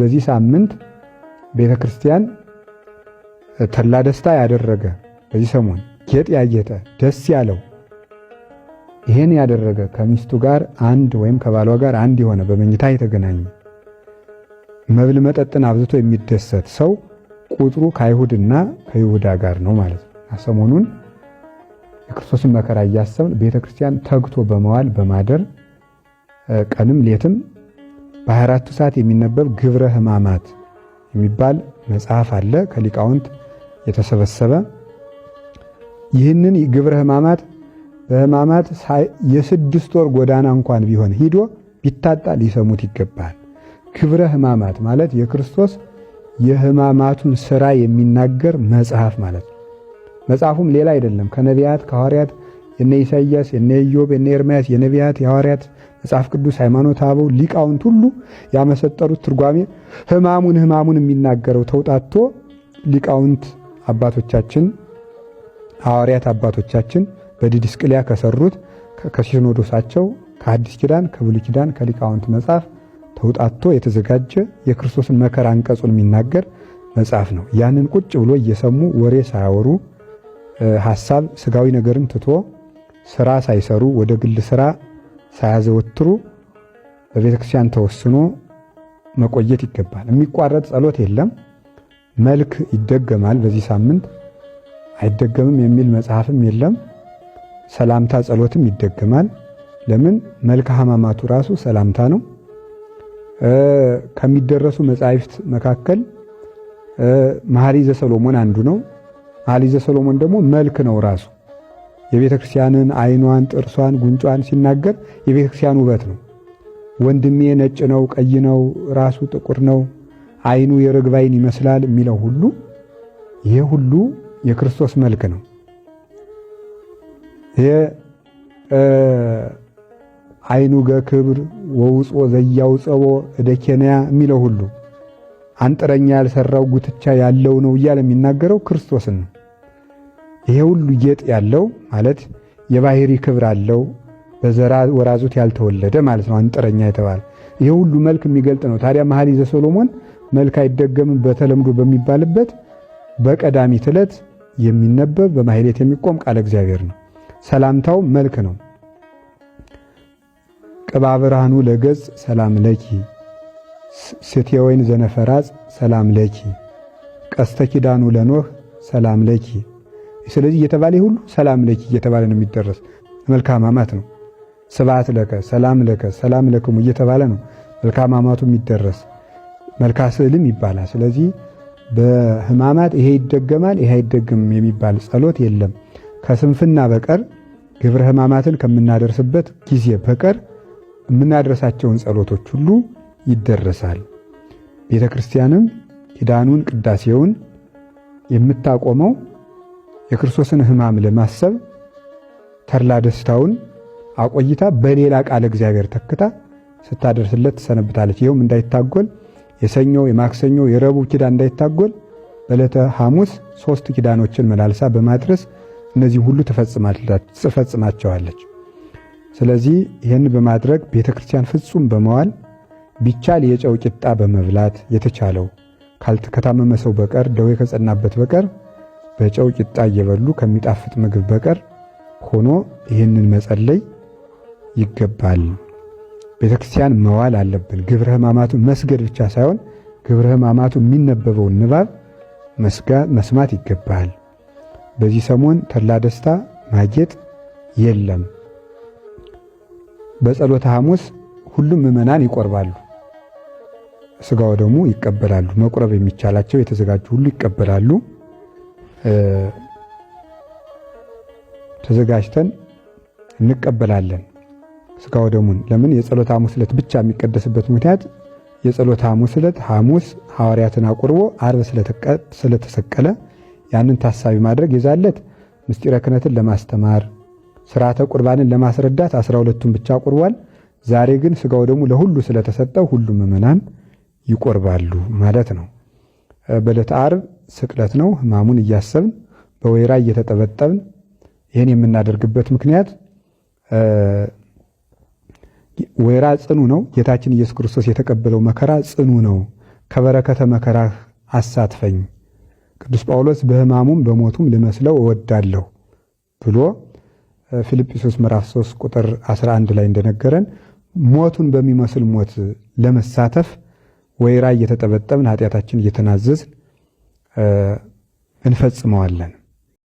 በዚህ ሳምንት ቤተ ክርስቲያን ተላ ደስታ ያደረገ በዚህ ሰሞን ጌጥ ያጌጠ ደስ ያለው ይሄን ያደረገ ከሚስቱ ጋር አንድ ወይም ከባሏ ጋር አንድ የሆነ በመኝታ የተገናኘ መብል መጠጥን አብዝቶ የሚደሰት ሰው ቁጥሩ ከአይሁድና ከይሁዳ ጋር ነው ማለት ነው። ሰሞኑን የክርስቶስን መከራ እያሰብን ቤተ ክርስቲያን ተግቶ በመዋል በማደር ቀንም ሌትም በአራቱ ሰዓት የሚነበብ ግብረ ሕማማት የሚባል መጽሐፍ አለ ከሊቃውንት የተሰበሰበ። ይህንን ግብረ ሕማማት በሕማማት የስድስት ወር ጎዳና እንኳን ቢሆን ሂዶ ቢታጣ ሊሰሙት ይገባል። ግብረ ሕማማት ማለት የክርስቶስ የሕማማቱን ስራ የሚናገር መጽሐፍ ማለት ነው። መጽሐፉም ሌላ አይደለም ከነቢያት ከሐዋርያት የነ ኢሳይያስ፣ የነ ኢዮብ፣ የነ ኤርምያስ፣ የነቢያት፣ የሐዋርያት መጽሐፍ ቅዱስ ሃይማኖት አበው ሊቃውንት ሁሉ ያመሰጠሩት ትርጓሜ ሕማሙን ሕማሙን የሚናገረው ተውጣቶ ሊቃውንት አባቶቻችን ሐዋርያት አባቶቻችን በዲድስቅልያ ከሰሩት ከሲኖዶሳቸው ከአዲስ ኪዳን ከብሉይ ኪዳን ከሊቃውንት መጽሐፍ ተውጣቶ የተዘጋጀ የክርስቶስን መከራ አንቀጹን የሚናገር መጽሐፍ ነው። ያንን ቁጭ ብሎ እየሰሙ ወሬ ሳያወሩ ሐሳብ ስጋዊ ነገርን ትቶ ስራ ሳይሰሩ ወደ ግል ስራ ሳያዘወትሩ በቤተ ክርስቲያን ተወስኖ መቆየት ይገባል። የሚቋረጥ ጸሎት የለም። መልክ ይደገማል። በዚህ ሳምንት አይደገምም የሚል መጽሐፍም የለም። ሰላምታ ጸሎትም ይደገማል። ለምን? መልክ ሕማማቱ ራሱ ሰላምታ ነው። ከሚደረሱ መጻሕፍት መካከል መኃልየ ዘሰሎሞን አንዱ ነው። መኃልየ ዘሰሎሞን ደግሞ መልክ ነው ራሱ የቤተ ክርስቲያንን ዓይኗን፣ ጥርሷን፣ ጉንጯን ሲናገር የቤተ ክርስቲያን ውበት ነው። ወንድሜ ነጭ ነው፣ ቀይ ነው፣ ራሱ ጥቁር ነው፣ አይኑ የርግብ ዓይን ይመስላል የሚለው ሁሉ ይህ ሁሉ የክርስቶስ መልክ ነው። አይኑ ገክብር ወውፆ ዘያው ጸቦ እደ የሚለው ሁሉ አንጥረኛ ያልሰራው ጉትቻ ያለው ነው እያለ የሚናገረው ክርስቶስን ነው። ይሄ ሁሉ ጌጥ ያለው ማለት የባህሪ ክብር አለው በዘራ ወራዙት ያልተወለደ ማለት ነው። አንጥረኛ የተባለ ይሄ ሁሉ መልክ የሚገልጥ ነው። ታዲያ መኃልየ ሰሎሞን መልክ አይደገምም በተለምዶ በሚባልበት በቀዳሚት ዕለት የሚነበብ በማሕሌት የሚቆም ቃለ እግዚአብሔር ነው። ሰላምታው መልክ ነው። ቅባ ብርሃኑ ለገጽ ሰላም ለኪ ስቴ ወይን ዘነፈራጽ ሰላም ለኪ ቀስተ ኪዳኑ ለኖህ ሰላም ለኪ ስለዚህ እየተባለ ሁሉ ሰላም ለኪ እየተባለ ነው የሚደረስ። መልካም አማት ነው። ስብሐት ለከ፣ ሰላም ለከ፣ ሰላም ለክሙ እየተባለ ነው መልካም አማቱ የሚደረስ። መልካ ስዕልም ይባላል። ስለዚህ በህማማት ይሄ ይደገማል፣ ይሄ አይደገም የሚባል ጸሎት የለም ከስንፍና በቀር ግብረ ህማማትን ከምናደርስበት ጊዜ በቀር የምናደርሳቸውን ጸሎቶች ሁሉ ይደረሳል። ቤተ ክርስቲያንም ኪዳኑን ቅዳሴውን የምታቆመው የክርስቶስን ሕማም ለማሰብ ተድላ ደስታውን አቆይታ በሌላ ቃለ እግዚአብሔር ተክታ ስታደርስለት ትሰነብታለች። ይኸውም እንዳይታጎል የሰኞ የማክሰኞ የረቡዕ ኪዳን እንዳይታጎል በዕለተ ሐሙስ ሶስት ኪዳኖችን መላልሳ በማድረስ እነዚህ ሁሉ ትፈጽማቸዋለች። ስለዚህ ይህን በማድረግ ቤተ ክርስቲያን ፍጹም በመዋል ቢቻል የጨው ቂጣ በመብላት የተቻለው ከታመመ ሰው በቀር ደዌ ከጸናበት በቀር በጨው ቂጣ እየበሉ ከሚጣፍጥ ምግብ በቀር ሆኖ ይህንን መጸለይ ይገባል። ቤተ ክርስቲያን መዋል አለብን። ግብረ ሕማማቱ መስገድ ብቻ ሳይሆን ግብረ ሕማማቱ የሚነበበውን ንባብ መስማት ይገባል። በዚህ ሰሞን ተድላ ደስታ ማጌጥ የለም። በጸሎተ ሐሙስ ሁሉም ምዕመናን ይቆርባሉ። ስጋው ደግሞ ይቀበላሉ። መቁረብ የሚቻላቸው የተዘጋጁ ሁሉ ይቀበላሉ። ተዘጋጅተን እንቀበላለን ስጋው ደሙን። ለምን የጸሎተ ሐሙስ ዕለት ብቻ የሚቀደስበት ምክንያት የጸሎተ ሐሙስ ዕለት ሐሙስ ሐዋርያትን አቁርቦ ዓርብ ስለተሰቀለ ያንን ታሳቢ ማድረግ የዛለት ምስጢረ ክህነትን ለማስተማር ስርዓተ ቁርባንን ለማስረዳት አስራ ሁለቱን ብቻ አቁርቧል። ዛሬ ግን ስጋው ደሙ ለሁሉ ስለተሰጠው ሁሉም ምዕመናን ይቆርባሉ ማለት ነው። በዕለተ ዓርብ ስቅለት ነው። ሕማሙን እያሰብን በወይራ እየተጠበጠብን ይህን የምናደርግበት ምክንያት ወይራ ጽኑ ነው። ጌታችን ኢየሱስ ክርስቶስ የተቀበለው መከራ ጽኑ ነው። ከበረከተ መከራህ አሳትፈኝ፣ ቅዱስ ጳውሎስ በሕማሙም በሞቱም ልመስለው እወዳለሁ ብሎ ፊልጵሶስ ምዕራፍ 3 ቁጥር 11 ላይ እንደነገረን ሞቱን በሚመስል ሞት ለመሳተፍ ወይራ እየተጠበጠብን ኃጢአታችን እየተናዘዝን እንፈጽመዋለን።